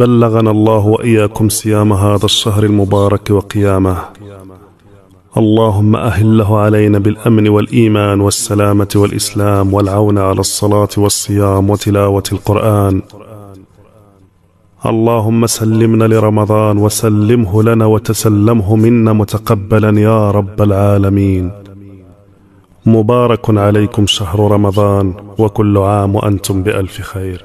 بلغنا الله واياكم صيام هذا الشهر المبارك وقيامه اللهم اهله علينا بالامن والايمان والسلامه والاسلام والعون على الصلاه والصيام وتلاوه القران اللهم سلمنا لرمضان وسلمه لنا وتسلمه منا متقبلا يا رب العالمين مبارك عليكم شهر رمضان وكل عام وانتم بالف خير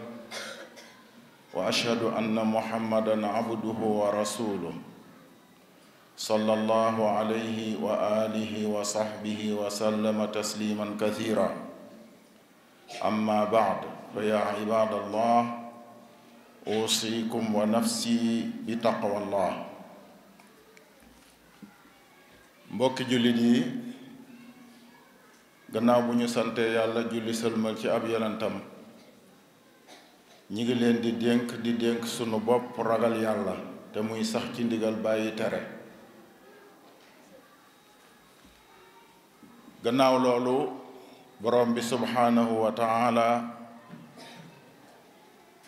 واشهد ان محمدا عبده ورسوله صلى الله عليه واله وصحبه وسلم تسليما كثيرا اما بعد فيا عباد الله اوصيكم ونفسي بتقوى الله mbokki jullit yi gannaaw bu ñu sante yàlla julli sëlmal ci ab yonentam ñi ngi leen di dénk di dénk sunu bopp ragal yàlla te muy sax ci ndigal bàyyi tere gannaaw loolu borom bi subhaanahu wa taala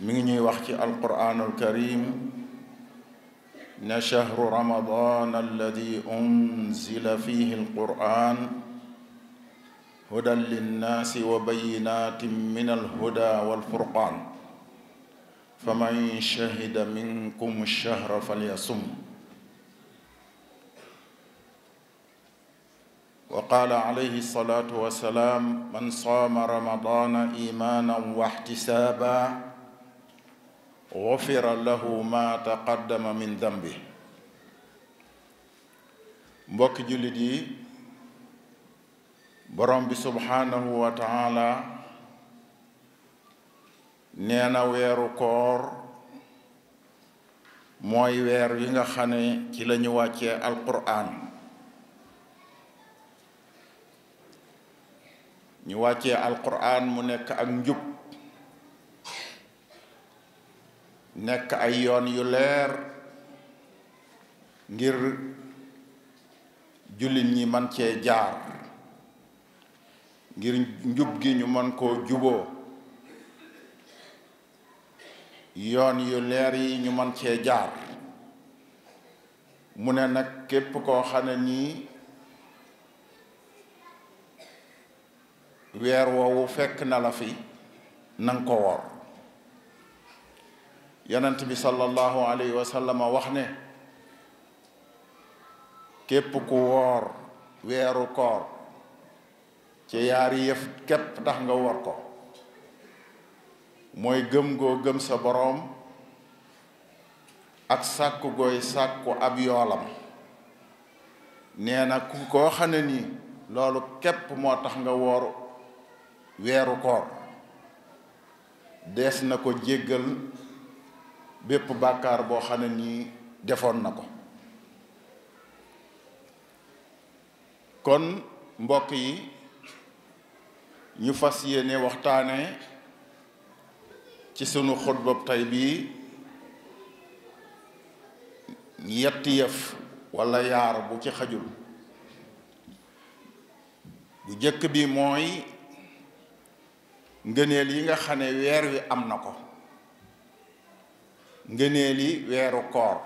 mi ngi ñuy wax ci alquraanul karim ne chahru ramadan alladi unzila fihi alquran hudan linnaasi wa bayinatin min alhuda walfurqaan faman shahida minkum shahra falyasum wa qaala alayhi salaatu wa salaam man saama ramadaana imaanan wa ihtisaaban gufira lahu maa taqaddama min dambi mbokki jullit yi borom bi subhaanahu wa taala nee weeru koor mooy weer wi nga xam ne ci lañu wàcce wàccee alquran ñu wàccee alquran mu nekk ak njub nekk ay yoon yu leer ngir jullit ñi man cee jaar ngir njub gi ñu man koo juboo yoon yu leer yi ñu man cee jaar mu ne nag képp koo xam nii weer woowu fekk na la fi nang ko woor yonent bi sallallahu alayhi wa sallam wax ne képp ku woor weeru koor ci yaari yëf képp tax nga woor ko mooy gëm goo gëm sa boroom ak sàkku goy sàkku ab yoolam nee na ku koo xam ne nii loolu képp moo tax nga woor weeru koor dees na ko jéggal bépp bàkkaar boo xam ne nii defoon na ko kon mbokk yi ñu fas yéene waxtaane ci sunu xutba tey bii yetti yëf walla yaar bu ci xajul bu jëkk bi mooy ngëneel yi nga xam ne weer wi am na ko ngëneel yi weeru koor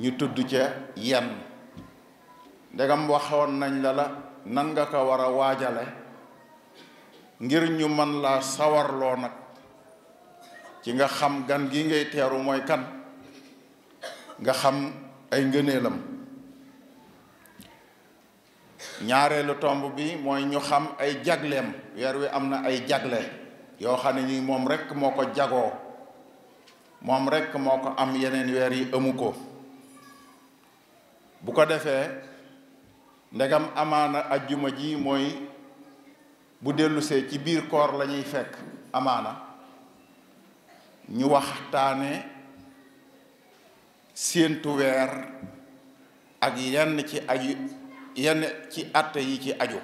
ñu tudd ca yenn ndegam waxoon nañ la la nan nga ko war a waajale ngir ñu man laa sawarloo nag ci nga xam gan gi ngay teeru mooy kan nga xam ay ngëneelam ñaareelu tomb bi mooy ñu xam ay jagleem weer wi am na ay jagle yoo xam ne ni moom rekk moo ko jagoo moom rekk moo ko am yeneen weer yi amu ko bu ko defee ndegam amaana ajjuma ji mooy bu dellusee ci biir koor lañuy fekk amaana ñu waxtaane séentu weer ak yenn ci aju yenn ci atte yi ci aju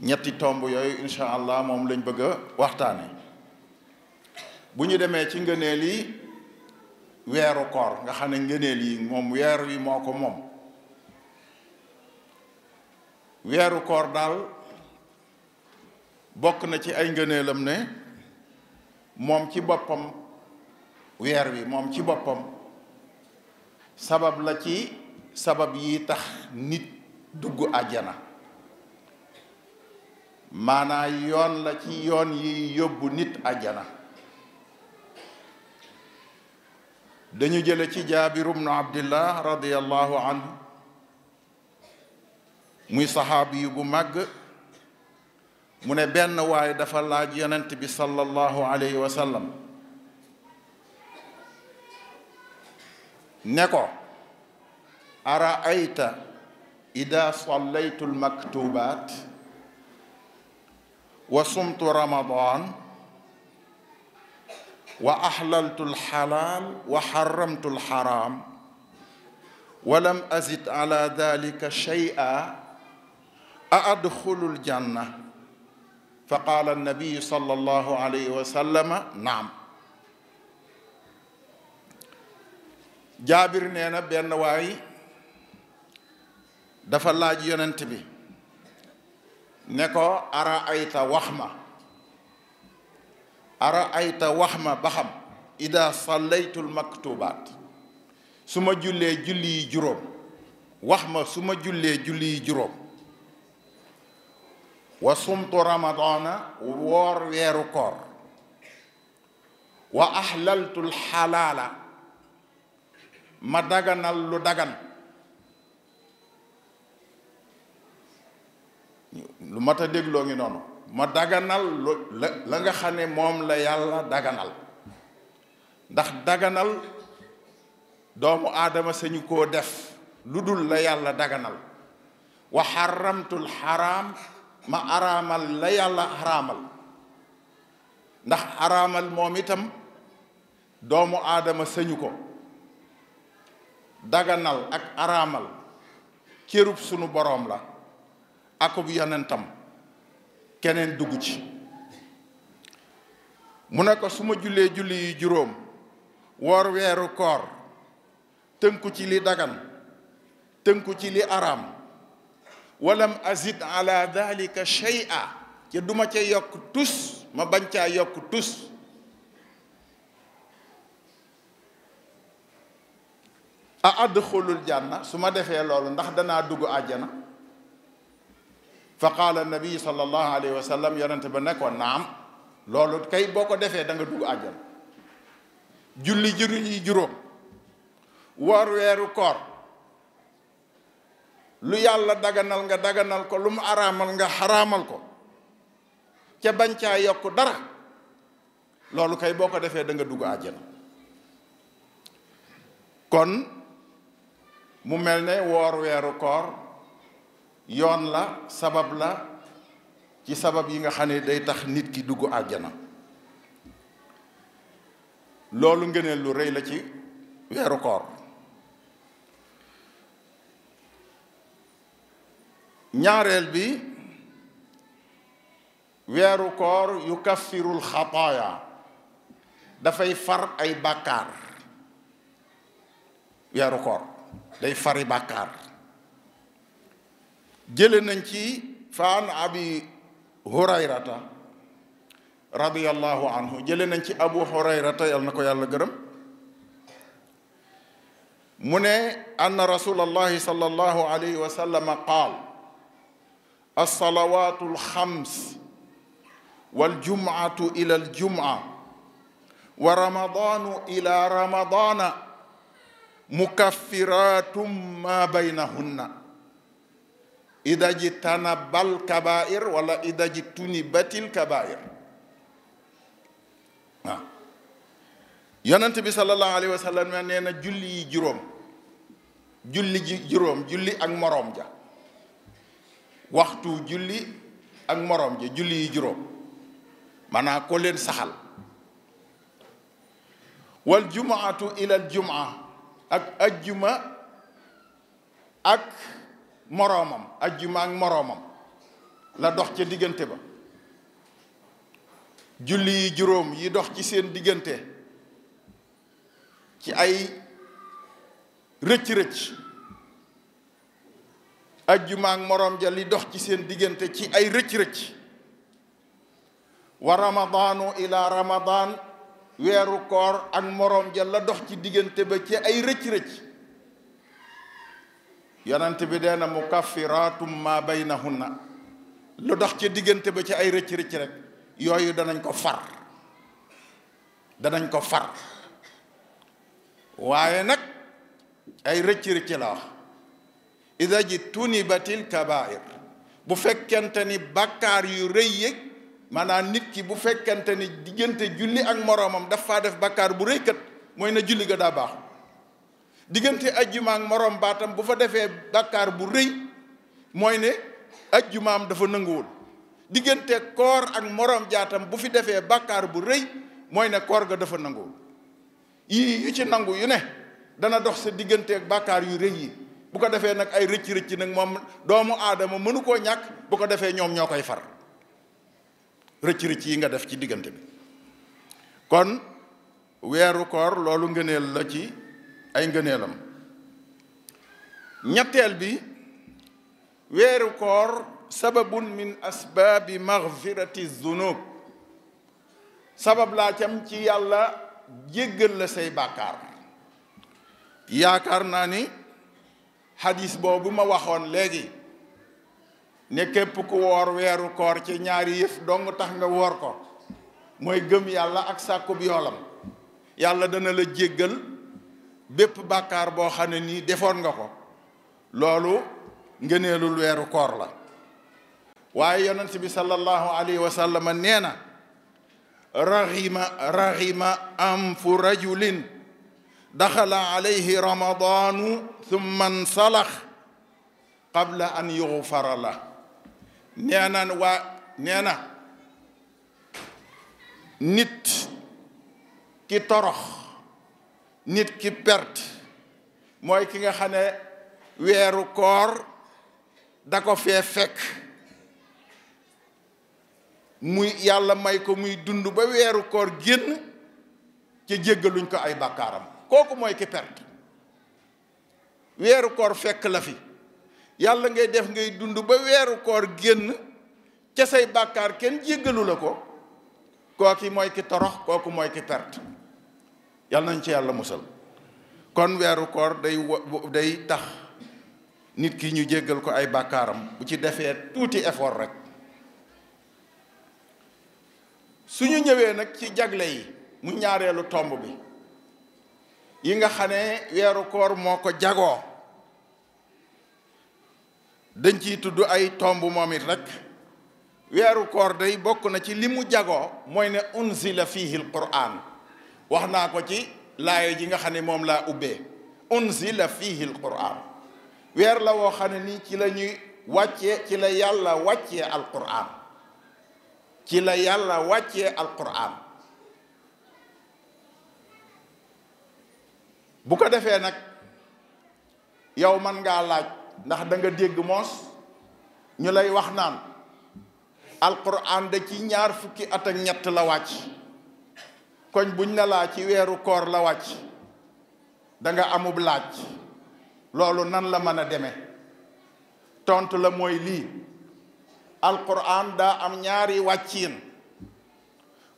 ñetti tomb yooyu incha allah moom lañ bëgg a waxtaane bu ñu demee ci ngëneel yi weeru koor nga xam ne ngëneel yi moom weer wi moo ko moom weeru koor daal bokk na ci ay ngëneelam ne moom ci boppam weer wi moom ci boppam sabab la ci sabab yi tax nit dugg àjjana maanaa yoon la ci yoon yi yóbbu nit àjjana dañu jële ci jaabir ibnu abdillah radiallahu anhu muy saxaabi yu bu màgg mu ne benn waay dafa laaj yonent bi sallallahu alayhi wa sallam ne ko ara ayta ida sallaytu almaktubat wa sumtu ramadan wa ahlaltu alxalaal wa xaramtu alxaraam wa lam azid ala dalika shay'a a adxulu aljanna fa qaala annabiyu sal allahu alayhi wa naam jaabir nee na benn waay dafa laaj yonent bi ne ko ara ayta wax ma ara ayta wax ma ba xam ida sallaytul maktubaat su ma jullee julli yi juróom wax ma su ma jullee julli yi juróom wa sumtu ramadana woor weeru koor wa ahlaltul xalaala ma daganal lu dagan lu mat a dégloo ngi noonu ma daganal lu la nga xam ne moom la yàlla daganal ndax daganal doomu aadama sañu koo def lu dul la yàlla daganal wa xaramtul xaraam ma araamal la yàlla araamal ndax araamal moom itam doomu aadama sëñu ko daganal ak araamal cërub sunu borom la akub yonentam keneen dugg ci mu ne ko su ma jullee julli yu juróom woor weeru koor tënku ci li dagan tënku ci li araam walam azid ala dalika shay'a ca du ma ca yokk tus ma bañ caa yokk tus a adxulul janna su ma defee loolu ndax danaa dugg àjjana fa qaala nabi sallallahu alayhi wa sallam yonente ba nekkoon naam loolu kay boo ko defee danga dugg àjjana julli juru yi juróom woor weeru koor lu yàlla daganal nga daganal ko lu mu araamal nga xaraamal ko ca bañ caa yokk dara loolu kay boo ko defee danga dugg àjjana kon mu mel ne woor weeru koor yoon la sabab la ci sabab yi nga xam ne day tax nit ki dugg àjjana loolu ngëneel lu réy la ci weeru koor ñaareel bi weeru koor yu kaffirul xataaya dafay far ay bàkkaar weeru koor day fari bàkkaar jële nañ ci faan abi hurayrata radiyallahu anhu jële nañ ci abu hurayrata yal na ko yàlla gërëm mu ne anna rasulallahi sallallahu alayhi wa sallam qaal alsalawatu alxams waljumatu ila aljuma wa ramadanu ila ramadana mukafiratum ma baynahunna ida jtanabal kabair wala ida jtunibatil kabair waaw yonent bi sallallahu alayhi wa sallam nee na julli yi juróom julli ji juróom julli ak moroom ja waxtu julli ak moroom ji julli yi juróom manaa ko leen saxal wal jumaatu ilal jumaa ak ajjuma ak moroomam ajjuma ak moroomam la dox ca diggante ba julli yi juróom yi dox ci seen diggante ci ay rëcc-rëcc ajjuma moroom ja li dox ci seen diggante ci ay rëcc-rëcc weeru koor ak moroom ja dox ci diggante ba ci ay rëcc-rëcc yonent bi dee na lu dox ci diggante ba ci ay rëcc rek yooyu danañ ko far danañ ko far waaye nag ay rëcc-rëcc la ida tuni tunibatil kabair bu fekkente ni bàkkaar yu rëy yëg maanaam nit ki bu fekkente ni diggante julli ak moroomam dafa def bàkkaar bu rëy kat mooy na julli ga daa baaxul diggante ajjuma ak moroom baatam bu fa defee bàkkaar bu rëy mooy ne ajjumaam dafa nanguwul diggante koor moroom jaatam bu fi defee bàkkaar bu rëy mooy ne koor ga dafa nanguwul yii yu ci nangu yu ne dana dox sa diggante ak bàkkaar yu rëy yi bu ko defee nag ay rëcc rëcc nag moom doomu aadama mënu koo ñàkk bu ko defee ñoom ñoo koy far rëcc rëcc yi nga def ci diggante bi kon weeru koor loolu ngëneel la ci ay ngëneelam ñetteel bi weeru koor sababun min asbaabi maghfirati zunub sabab laa cam ci yàlla jéggal la say bàkkaar yaakaar naa ni xadis boobu ma waxoon léegi ne képp ku woor weeru koor ci ñaari yëf dong tax nga woor ko mooy gëm yàlla ak sàkkub yoolam yàlla dana la jéggal bépp bàkkaar boo xam ne nii defoon nga ko loolu ngëneelul weeru koor la waaye yonent bi sallallahu alayhi wa sallam nee na raxima raxima am fu rajulin daxala alayhi ramadaanu thumma nsalax qabla an yuxfara la nee na waa nee na nit ki torox nit ki perte mooy ki nga xam ne weeru koor da ko fee fekk muy yàlla may ko muy dund ba weeru koor génn ci jéggaluñ ko ay bàkkaaram kooku mooy ki perte weeru koor fekk la fi yàlla ngay def ngay dund ba weeru koor génn ca say bàkkaar kenn jéggalu la ko kooki mooy ki torox kooku mooy ki perte yàlla nañ ci yàlla musal kon weeru koor day day tax nit ki ñu jéggal ko ay bàkkaaram bu ci defee tuuti effort rek su ñu ñëwee nag ci jagle yi mu ñaareelu tomb bi yi nga xam ne weeru koor moo ko jagoo dañ ciy tudd ay tomb moom it rek weeru koor day bokk na ci li mu jagoo mooy ne unzila fihi alquran wax naa ko ci laayo ji nga xam ne moom laa ubbee unzila fihi alquran weer la woo xam ne nii ci la ñuy wàcce ci la yàlla wàccee alquran ci la yàlla wàccee alquran bu ko defee nag yow man ngaa laaj ndax danga dégg moos ñu lay wax naan alquran da ci ñaar fukki at ak ñett la wàcc koñ buñ ne laa ci weeru koor la wàcc danga nga amub laaj loolu nan la mën a demee tontu la mooy lii alquran daa am ñaari wàcciin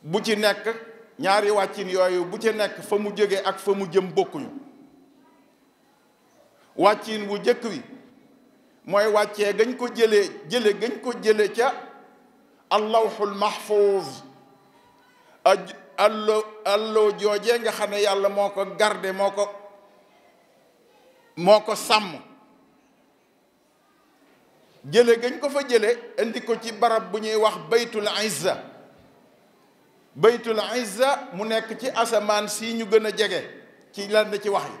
bu ci nekk ñaari wàccin yooyu bu ci nekk fa mu jógee ak fa mu jëm bokkuñu wàccin wu jëkk wi mooy wàccee gañ ko jële jële gañ ko jële ca allawxul mahfuz allo allo joojee nga xam ne yàlla moo ko garde moo ko moo ko sàmm jële gañ ko fa jële indi ko ci barab bu ñuy wax baytul izza baytul izza mu nekk ci asamaan si ñu gën a jege ci lan ci wax yi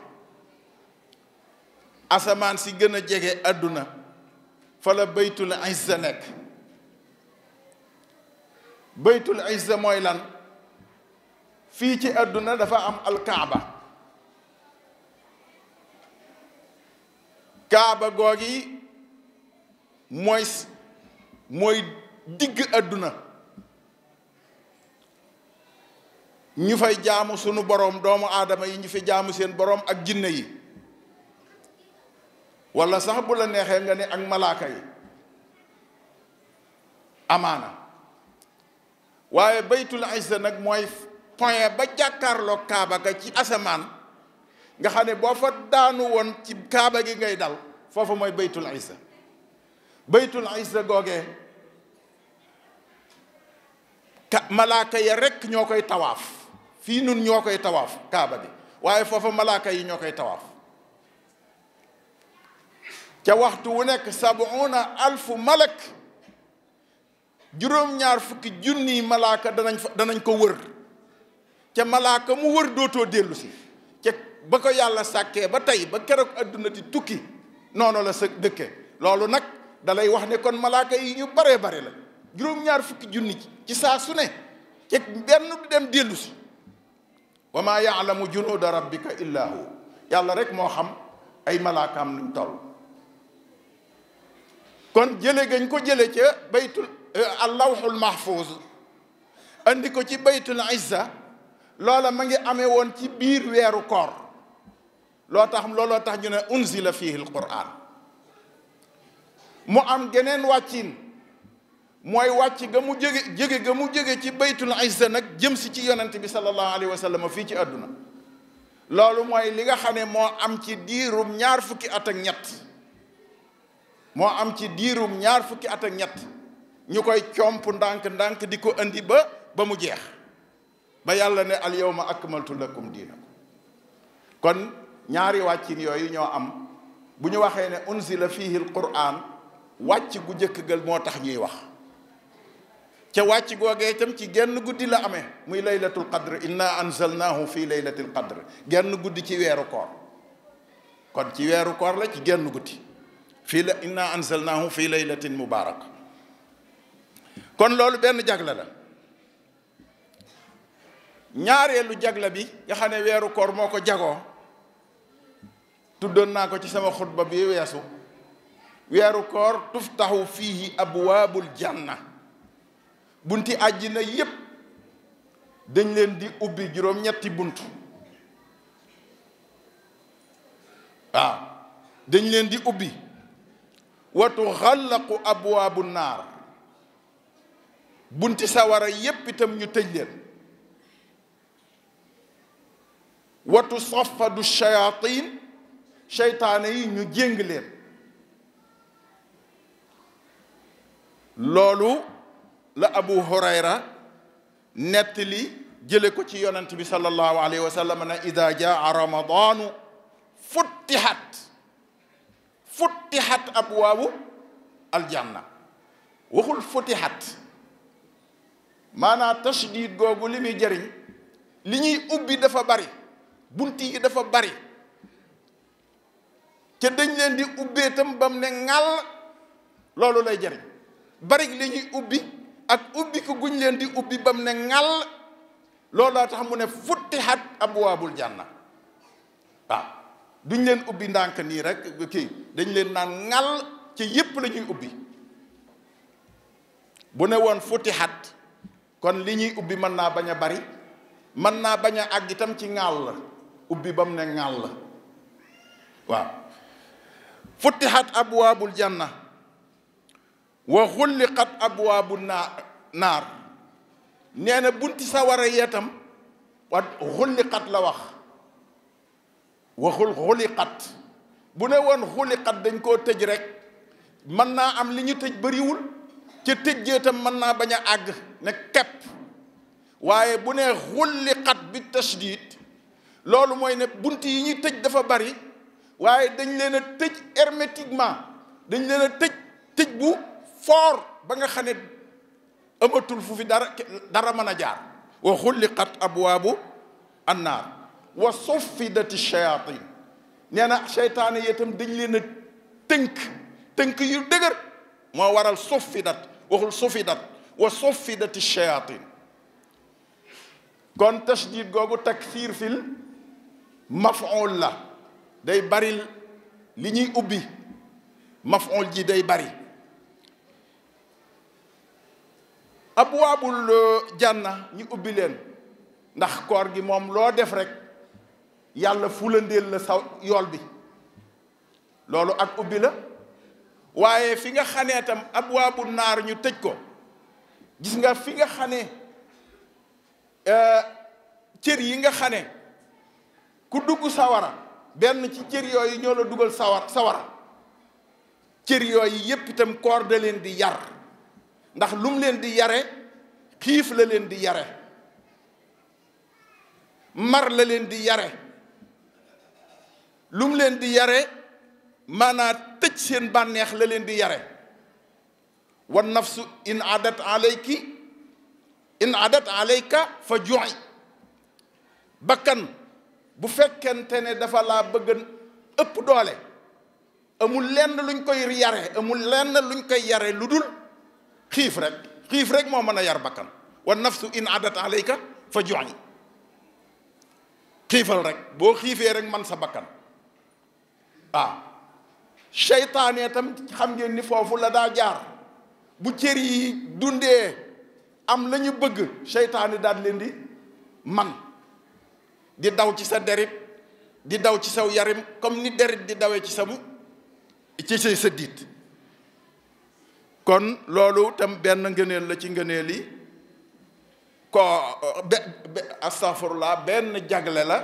asamaan si gën a jege àdduna fa la baytul izza nekk baytul izza mooy lan fii ci àdduna dafa am alkaaba kaaba googi mooy mooy digg àdduna ñu fay jaamu sunu boroom doomu aadama yi ñu fi jaamu seen boroom ak jinne yi walla sax bu la neexee nga ne ak malaaka yi amaana waaye baytul izza nag mooy point ba jàkkaarloo kaaba ga ci asamaan nga xam ne boo fa daanu woon ci kaaba gi ngay dal foofa mooy baytul izza baytul izza googee ka malaaka ya rekk ñoo koy tawaaf fii nun ñoo koy tawaaf kaaba bi waaye foofa malaaka yi ñoo koy tawaaf ca waxtu wu nekk sabuuna alfu malak juróom-ñaar fukki junniy malaaka danañ fa danañ ko wër ca malaaka mu wër dootoo dellu ca ba ko yàlla sàkkee ba tey ba keroog àdduna di tukki noonu la sa dëkke loolu nag dalay wax ne kon malaaka yi ñu baree bare la juróom-ñaar fukki junni ci saa su ne ca benn du dem dellu wa maa yaalamu junuuda rabbika illaa hu yàlla rek moo xam ay malaakaam nuñ toll kon jële gañ ko jële ca baytul eh, allawxul mahfuuz andi ko ci baytu baytul izza loola ma ngi amee woon ci biir weeru koor loo tax looloo tax ñu ne unzila fiihi alquran mu am geneen wàccin mooy wàcc ga mu jóge jóge ga mu jóge ci baytul izza nag jëm si ci yonent bi sallallahu alayhi wa sallam fii ci àdduna loolu mooy li nga xam ne moo am ci diirum ñaar fukki at ak ñett moo am ci diirum ñaar fukki at ak ñett ñu koy comp ndànk-ndànk di ko indi ba ba mu jeex ba yàlla ne al yawma akmaltu lakum diinakum kon ñaari wàccin yooyu ñoo am bu ñu waxee ne unzila fiihi al quran wàcc gu njëkk gal moo tax ñuy wax ca wàcc googee itam ci genn guddi la amee muy laylatul qadr inna anzalnaahu fi laylatil qadr genn guddi ci weeru koor kon ci weeru koor la ci genn guddi fii la inna anzalnaahu fi laylatin mubaaraka kon loolu benn jagla la ñaareelu jagla bi nga xam ne weeru koor moo ko jagoo tuddoon naa ko ci sama xutba bi weesu weeru koor tuftaxu fiihi abwaabul janna bunti àjjina yépp dañ leen di ubbi juróom-ñetti bunt waaw dañ leen di ubbi watu xàllaqu abwaabu naar bunti sawara yépp itam ñu tëj leen watu safadu shayatin seytaane yi ñu jéng leen loolu la abu nett li jële ko ci yonent bi sallallahu alayhi wa sallam na ida jaa ramadaanu futtihat futtihat abwaabu aljanna waxul futtihat maanaam tashdid googu li muy jëriñ li ñuy ubbi dafa bari bunt yi dafa bari te dañ leen di ubbee bam ne nal loolu lay jëriñ bari li ñuy ubbi ak ubbi ko guñ leen di ubbi ba mu ne ŋàll looloo tax mu ne futtihat abwaabul janna waaw duñ leen ubbi ndànk nii rek dañ leen naan ŋàll ci yépp lañuy ubbi bu ne woon futtihat kon li ñuy ubbi mën naa bañ a bari mën naa bañ a àgg itam ci ŋàll ubbi ba mu ne ŋàll waaw futtihat abwaabul janna wa xulliqat abwaabu naa naar nee na bunti sawara yeetam wa xulliqat la wax waxul xulliqat bu ne woon xulliqat dañ koo tëj rek mën naa am li ñu tëj bariwul ca tëj jeetam mën naa bañ a àgg ne kepp waaye bu ne xulliqat bi tashdid loolu mooy ne bunt yi ñu tëj dafa bari waaye dañ leen a tëj hermétiquement dañ leen a tëj tëj bu fort ba nga xam ne ëmmatul fu fi dara dara mën a jaar wa xulliqat abwaabu annaar wa suffidati shayatin nee na seytaane itam dañ leen tënk tënk yu dëgër moo waral suffidat waxul sufidat wa suffidati shayatin kon tashdid googu taksiir fil mafool la day bari li ñuy ubbi mafuul ji day bari abwaabul euh, janna ñu ubbi leen ndax koor gi moom loo def rek yàlla fulandeel la saw yool bi loolu ak ubbi la waaye fi nga xanee tam abwaabu naar ñu tëj ko gis nga fi nga xane euh, cër yi nga xane ku dugg sawara benn ci cër yooyu ñoo la dugal sawar sawara cër yooyu yépp itam koor da leen di yar ndax lu mu leen di yare xiif la leen di yare mar la leen di yare lu mu leen di yare maanaa tëj seen bànneex la leen di yare wan nafsu in adat alayki in adat alayka fa join bakkan bu fekkente ne dafa laa bëgg ëpp doole amul lenn luñ koy yare amul lenn luñ koy yare lu dul xiif rek xiif rek moo mën a yar bakkan wa nafsu in adat alayka fa ju'i xiifal rek boo xiifee rek man sa bakkan ah seytaane tam xam ngeen ni foofu la daa jaar bu cër yi dundee am la bëgg seytaane daal leen di man di daw ci sa derit di daw ci saw yarim comme ni derit di dawee ci sa mu ci say sa diit kon loolu tam benn ngëneel la ci ngëneel yi ko be astafurlah benn jagle la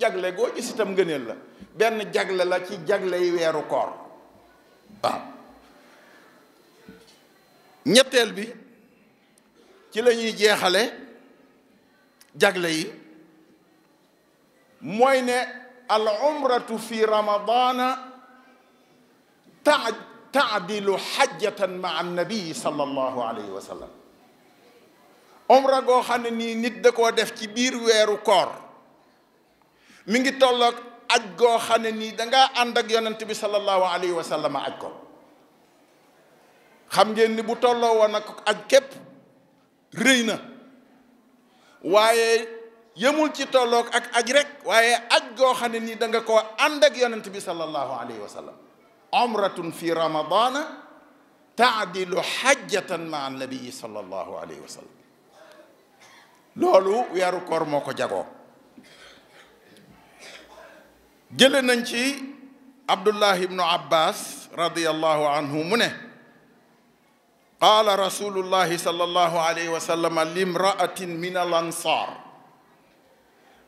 jagle goo gis itam ngëneel la benn jagle la ci jagle yi weeru koor ñetteel bi ci lañuy jeexale jagle yi mooy ne al umratu fi ramadana taj taadilu xajjatan ma annabii sallallahu alayhi wa sallam omra goo xam ne nii nit da koo def ci biir weeru koor mu ngi tolloog aj goo xam nii danga ànd ak yonent bi sallallahu alayhi wa aj ko xam ngeen ni bu tolloo woon ak aj képp rëy na waaye yëmul ci tolloog ak aj rek waaye aj goo xam ne nii da nga koo ànd ak yonent bi sallallahu alayhi wa umratun fi ramadana taadilu xajjatan ma annabii sallallahu wa sallam loolu weeru koor moo ko jagoo jële nañ ci abdullah ibnu abbas radiallahu anhu mu ne qaala rasulullahi sallallahu alayhi wa sallam limraatin min al ansaar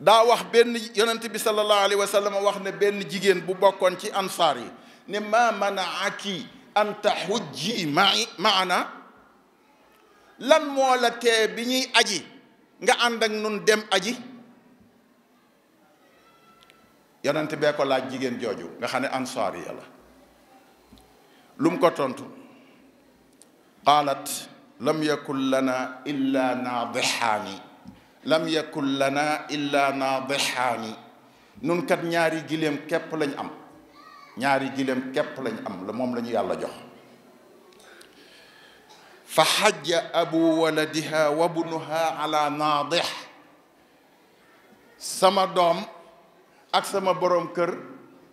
wax benn yonent bi wax ne benn jigéen bu bokkoon ci ansaar ne ma manaaki an tahujji mai maana lan moo la tee bi ñuy aji nga ànd nun dem aji yonent bee ko laaj jigéen jooju nga xam ne ansaar ya la ko tontu qaalat lam yakun lana illa naadixaani lam yakun lana illa naadixaani nun kat ñaari giléem képp lañ am ñaari giléem képp lañ am moom la yàlla jox fa xajja abu waladiha wabnuha ala naadih sama doom ak sama boroom kër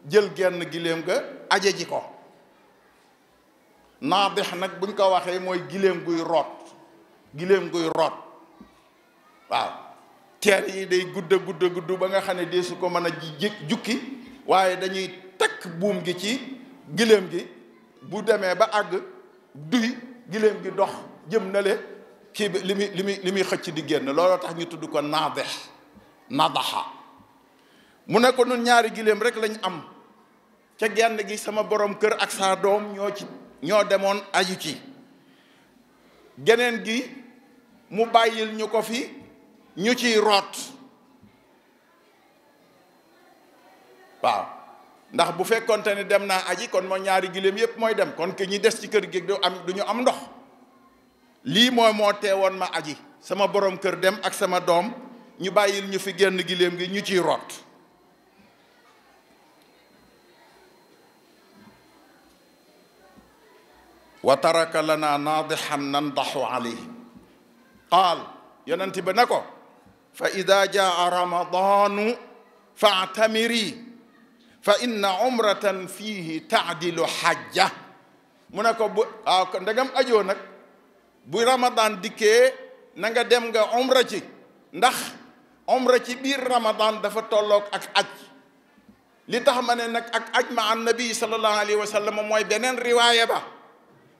jël genn giléem ga aje ji ko naadih nag buñ ko waxee mooy giléem guy root gileem guy root waaw teen yi day gudd a gudd ba nga xam ne deesu ko mën a jukki waaye dañuy takk buum gi ci giléem gi bu demee ba àgg duy giléem gi dox jëm na le kii li muy li muy xëcc di génn looloo tax ñu tudd ko naadex nadaxa mu ne ko nun ñaari giléem rekk lañu am ca genn gi sama borom kër ak saa doom ñoo ci ñoo demoon aju ci geneen gi mu bàyyil ñu ko fi ñu ciy root waaw ndax bu fekkonte ni dem naa aji kon moo ñaari giléem yépp mooy dem kon ke ñi des ci kër gi du am du ñu am ndox lii mooy moo teewoon ma aji sama boroom kër dem ak sama doom ñu bàyyil ñu fi génn giléem gi ñu ciy root wa taraka lana naadixan nandaxu alayhi qaal yonent ba ne ko fa ida jaa ramadaanu fa atamiri fa inna umratan fiihi taadilu xajja mu ne ko bu ndegam ajoo nag bu ramadan dikkee nanga dem nga umra ndax umra ci biir ramadan dafa tollook ak aj li tax ma ne nag ak aj ma an nabi sallallahu alayhi wa mooy beneen riwaaya ba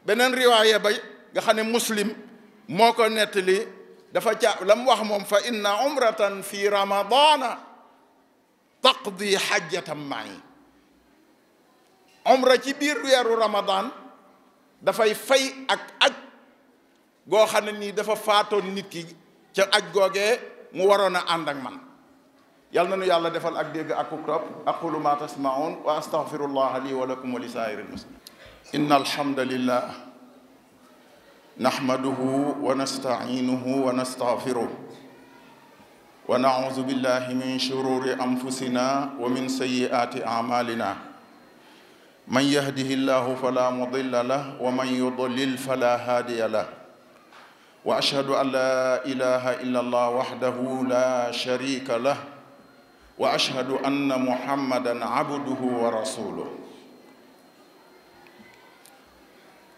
beneen riwaaya ba nga xam ne muslim moo ko nettali dafa ca lam wax moom fa inna umratan fi ramadana taqdi xajjatam maay omra ci biir weeru ramadan dafay fay ak aj goo xam ne nii dafa faatoon nit ki ca aj googee mu waroon a ànd man yàlla na nu yàlla defal ak dégg ak ukrab aqulu ma tasmaun wa astaghfirullah li wa lakum wa li inna alhamdulillah nahmaduhu wa nasta'inuhu wa ونعوذ بالله من شرور أنفسنا ومن سيئات أعمالنا من يهده الله فلا مضل له ومن يضلل فلا هادي له وأشهد أن لا إله إلا الله وحده لا شريك له وأشهد أن محمدا عبده ورسوله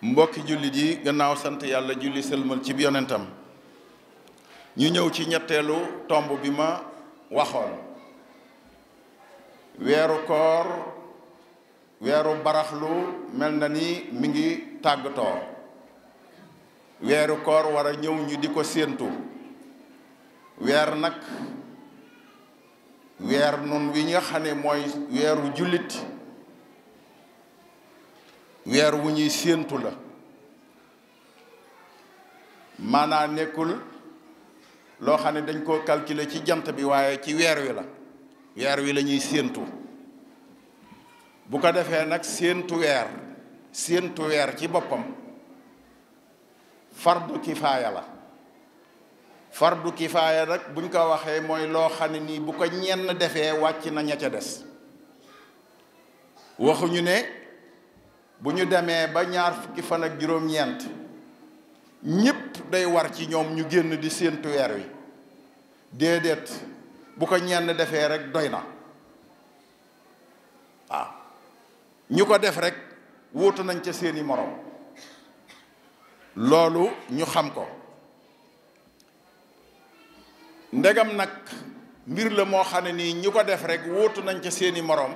mbokki jullit yi gannaaw sant yàlla julli sëlmal ci bi yonentam ñu ñëw ci ñetteelu tomb bi ma waxoon weeru koor weeru baraxlu mel na ni mi ngi tàggatoo weeru koor war ñëw ñu di ko séentu weer nag weer nun wi nga xam ne mooy weeru jullit weer wu ñuy séentu la maanaa nekkul loo xam ne dañ koo calculer ci jant bi waaye ci weer wi la weer wi lañuy séentu bu ko defee nag séentu weer séentu weer ci boppam fardu kifaaya la fardu kifaaya nag buñ ko waxee mooy loo xam ne nii bu ko ñenn defee wàcc na ca des waxuñu ne bu ñu demee ba ñaar fukki fan ak juróom-ñeent ñépp day war ci ñoom ñu génn di séentu weer wi déedéet bu ko ñenn defee rek doy na waaw ñu ko def rek wóotu nañ ca seeni moroom loolu ñu xam ko ndegam nag mbir la moo xam ne nii ñu ko def rek wóotu nañ ca seeni moroom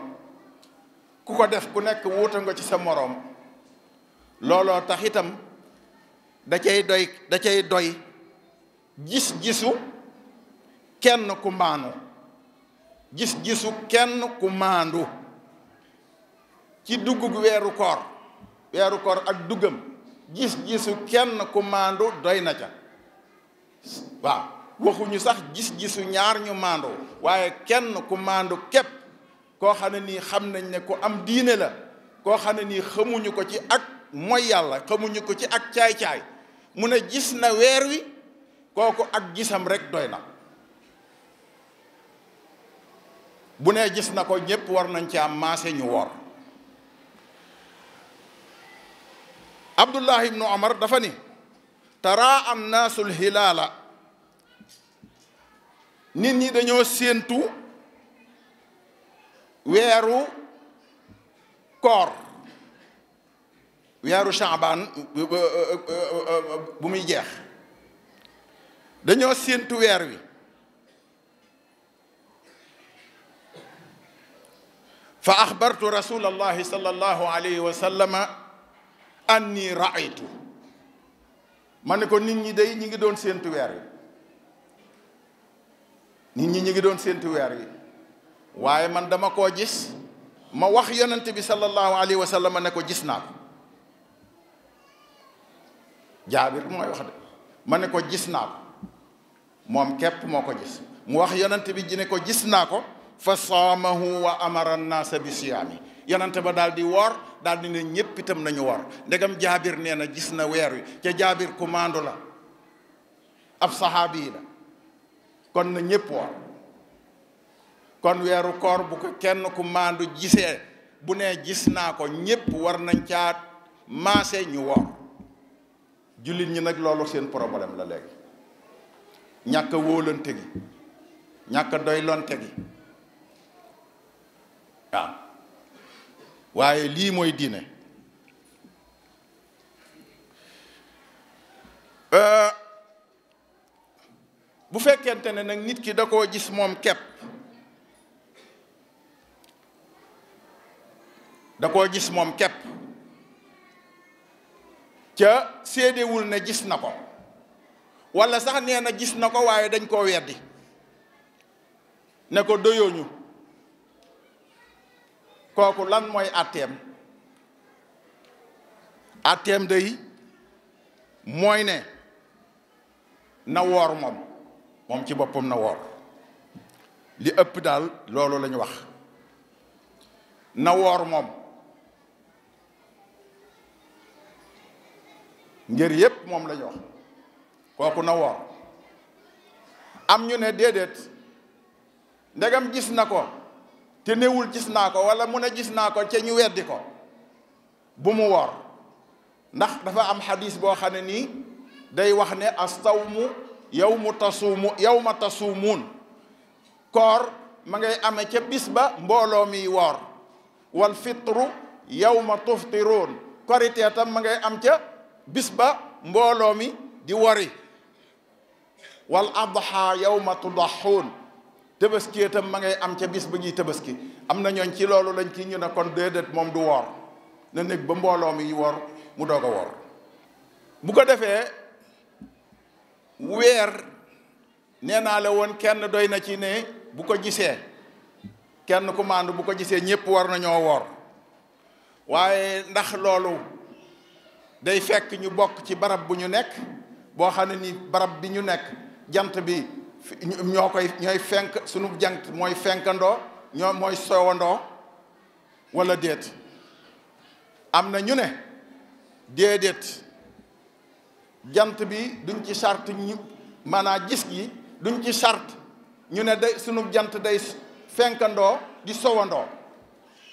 ku ko def ku nekk wóotu nga ci sa moroom looloo tax itam da cay doy da cay doy gis-gisu kenn ku maandu gis-gisu kenn ku maandu ci duggug weeru koor weeru koor ak duggam gis-gisu kenn ku maandu doy na ca waaw waxuñu sax gis-gisu ñaar ñu maandu waaye kenn ku maandu képp koo xam ne nii xam nañ ne ku am diine la koo xam ne nii xamuñu ko ci ak mooy yàlla xamuñu ko ci ak caay-caay mu ne gis na weer wi kooku ak gisam rek doy na bu ne gis na ko ñépp war nañ ci am maase ñu woor abdullah ibnu omar dafa ni tara am naasul hilaala nit ñi dañoo séentu weeru koor weeru Shaabaan bu muy jeex dañoo séentu weer wi fa axbartu rasul allahi sal allahu alayhi wa sallama anni raaytu ma ko nit ñi day ñi ngi doon séentu weer wi nit ñi ñi ngi doon séentu weer wi waaye man dama koo gis ma wax yonent bi sal allahu alayhi wa sallama ne ko gis naa ko jaabir mooy wax de ma ne ko gis naa ko moom képp moo ko gis mu wax yonent bi ji ne ko gis naa ko fa saamahu wa amara naasa bi siyaami yonent ba daldi di woor daal di ne ñépp itam nañu woor ndegam jaabir nee na gis na weer wi ca jaabir commando la ab sahaabi la kon na ñépp weeru koor bu ko kenn bu ne gis naa ko ñépp war nañ caat maase ñu woor jullit ñi nag loolu seen problème la léegi ñàkk wóolante gi ñàkk a doylante gi waaw waaye lii mooy diine euh, bu fekkente ne nag nit ki da koo gis moom kepp da koo gis moom kepp ca séedewul ne gis na ko walla sax nee na gis na ko waaye dañ koo weddi ne ko doyooñu kooku lan mooy àtteem àtteem day mooy ne na woor moom moom ci boppam na woor li ëpp daal loolu lañu wax na woor moom ngir yépp moom la ñu wax kooku na woor am ñu ne déedéet ndegam gis na ko te newul gis naa ko wala mu ne gis naa ko ca ñu weddi ko bu mu woor ndax dafa am xadis boo xam ne nii day wax ne astawmu yow mu tasuumu yow ma tasuumuun koor ma ngay amee ca bis ba mbooloo miy woor wal fitru yow ma tuftiruun korite tam ma ngay am ca bis ba mbooloo mi di wari wal adha yawma tudaxuun tëbaski itam ma ngay am ca bis ba ñuy tëbaski am na ñooñ ci loolu lañ ci ñu ne kon déedéet moom du woor na nekk ba mbooloo mi woor mu doog a bu ko defee weer nee naa la woon kenn doy na ci ne bu ko gisee kenn ku commande bu ko gisee ñépp war nañoo woor waaye ndax loolu day fekk ñu bokk ci barab bu ñu nekk boo xam ne ni barab bi ñu nekk jant bi ñoo koy ñooy fenk sunu jant mooy fenkandoo ñoo mooy sowandoo wala déet am na ñu ne déedéet jant bi duñ ci sart ñu maanaam gis gi duñ ci sart ñu ne day sunu jant day fenkandoo di sowandoo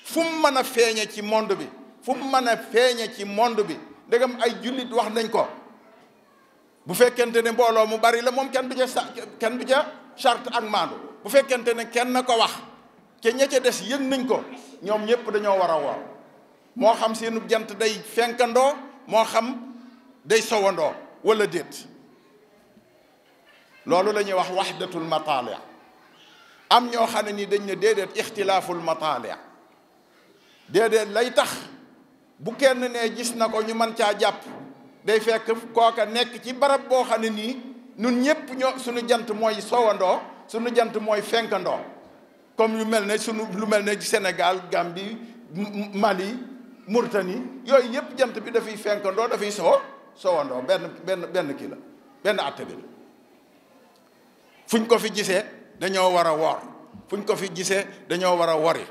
fu mu mën feeñe ci monde bi fu mu mën a feeñe ci monde bi ndegam ay jullit wax nañ ko bu fekkente ne mbooloo mu bari la moom kenn du ca sa ca charte ak maandu bu fekkente ne kenn ko wax ca ña ca des yëg nañ ko ñoom ñëpp dañoo war a woor moo xam seenu jant day fenkandoo moo xam day sowandoo walla déet loolu lañuy ñuy wax waxdatul mataali am ñoo xam ne ni dañ ne déedéet ixtilaaful mataali déedéet lay tax bu kenn nee gis na ko ñu mën caa jàpp day fekk kooka nekk ci barab boo xam ne nii nun ñëpp suñu jant mooy sowandoo suñu jant mooy fenkandoo comme lu mel ne sunu lu mel ne Sénégal Gambie Mali Mauritanie yooyu yëpp jant bi dafay fenkandoo dafay sow sowandoo benn benn benn benn àtte bi la fuñ ko fi gisee dañoo war a woor fuñ ko fi gisee dañoo war a wori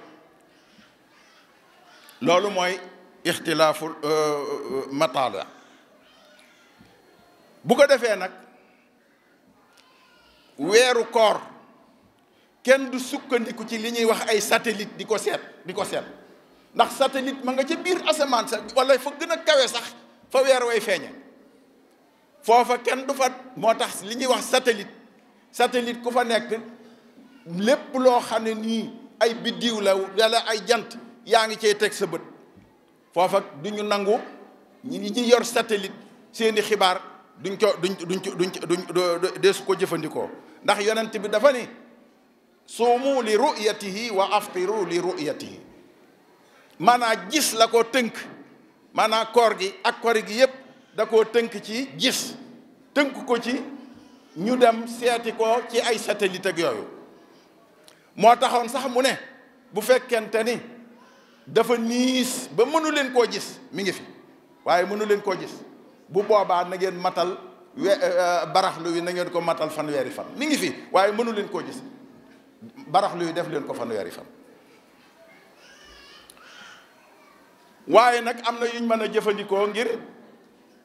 loolu mooy ixtilaafu euh, euh, mataala bu ko defee nag weeru koor kenn du sukkandiku ci li ñuy wax ay satellite di ko seet di ko seet ndax satellite mu nga ca biir asamaan sa walla fa gën a kawe sax fa weer way feeñe foofa kenn du fa moo tax li ñuy wax satellite satellite ku fa nekk lépp loo xam ne nii ay biddiw la wala ay jant yaa ngi cee teg sa bët foofa du ñu nangu ñi ngi ci yor satellite seeni xibaar duñ ko duñ duñ duñ duñ deesu ko jëfandikoo ndax yonent bi dafa ni suumu li ru'yatihi wa aftiru li ru'yatihi maanaam gis la ko tënk maanaam koor gi ak koor gi yëpp da koo tënk ci gis tënk ko ci ñu dem seeti ko ci ay satellite ak yooyu moo taxoon sax mu ne bu fekkente ni dafa niis ba mënu leen koo gis mi ngi fi waaye mënu leen koo gis bu boobaa nangeen matal eh, eh, baraxlu wi na ngeen ko matal fanweeri fan mi ngi fi waaye mënu leen koo gis baraxlu wi def leen ko fanweeri fan waaye nag am na yuñ mën a jëfandikoo ngir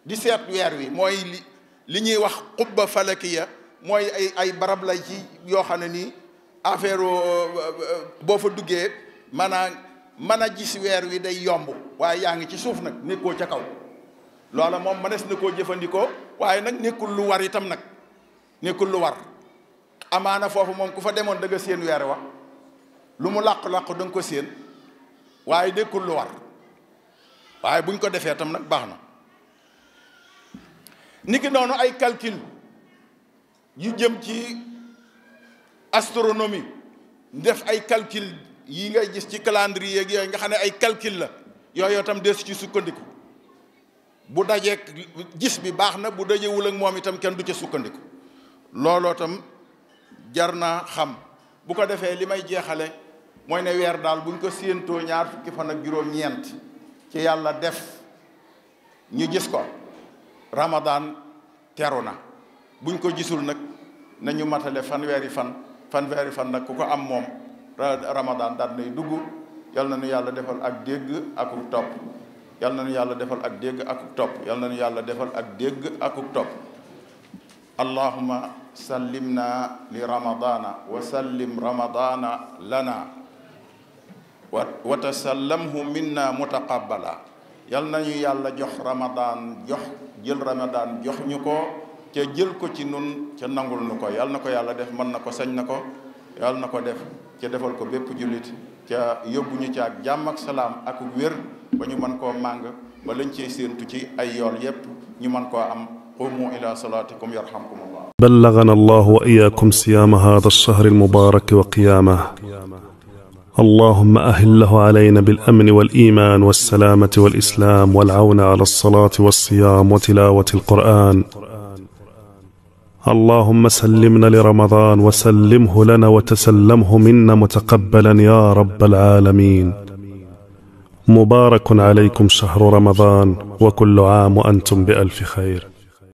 di seet weer wi mooy li li ñuy wax xubba falakiya mooy ay ay barab lay ci yoo xam ne nii affaire euh, euh, boo fa duggee manaa mën a gis weer wi day yomb waaye yaa ngi ci suuf nag nekkoo ca kaw loola moom mënees na koo jëfandikoo waaye nag nekkul lu war itam nag nekkul lu war foofu moom ku fa demoon da nga séen weer wa lu mu làqu-làqu da ko séen waaye nekkul lu waaye buñ ko defee tam nag baax na niki noonu ay calcul yu jëm ci astronomie def ay calcul yi ngay gis ci calendrier yeeg yooyu nga xam ne ay calcul la yooyu itam deesu ci sukkandiku bu dajeek gis bi baax na bu dajewul ak moom itam kenn du ca sukkandiku looloo tam jar naa xam bu ko defee li may jeexale mooy ne weer daal buñ ko séentoo ñaar fukki fan ak juróom-ñeent ci yàlla def ñu gis ko Ramadan teru na buñ ko gisul nag nañu matale fanweeri fan fanweeri fan nag ku ko am moom. ramadan daal nay dugg yal na nu yàlla defal ak dégg akuk topp yal yàlla defal ak dégg akuk topp yal na nu yàlla defal ak dégg akuk topp allahuma sallimna li ramadana wa sallim ramadana lana wa wa tasallamhu minna mutaqabbala yal na ñu yàlla jox ramadan jox jël ramadan jox ñu ko ca jël ko ci nun ca nangul nu ko yal na ko yàlla def mën na ko sañ na ko yàlla na ko def ca defal ko bépp jullit ca yóbbu ñu ca ak jàmm salaam ak wér ba ñu ko koo màng ba lañ cee séentu ci ay yool yépp ñu mën koo am qumu ila salaatikum yarhamkum allah بلغنا الله وإياكم صيام هذا الشهر المبارك وقيامه اللهم أهله علينا بالأمن والإيمان والسلامة والإسلام والعون على الصلاة والصيام وتلاوة القرآن اللهم سلمنا لرمضان وسلمه لنا وتسلمه منا متقبلا يا رب العالمين مبارك عليكم شهر رمضان وكل عام وانتم بالف خير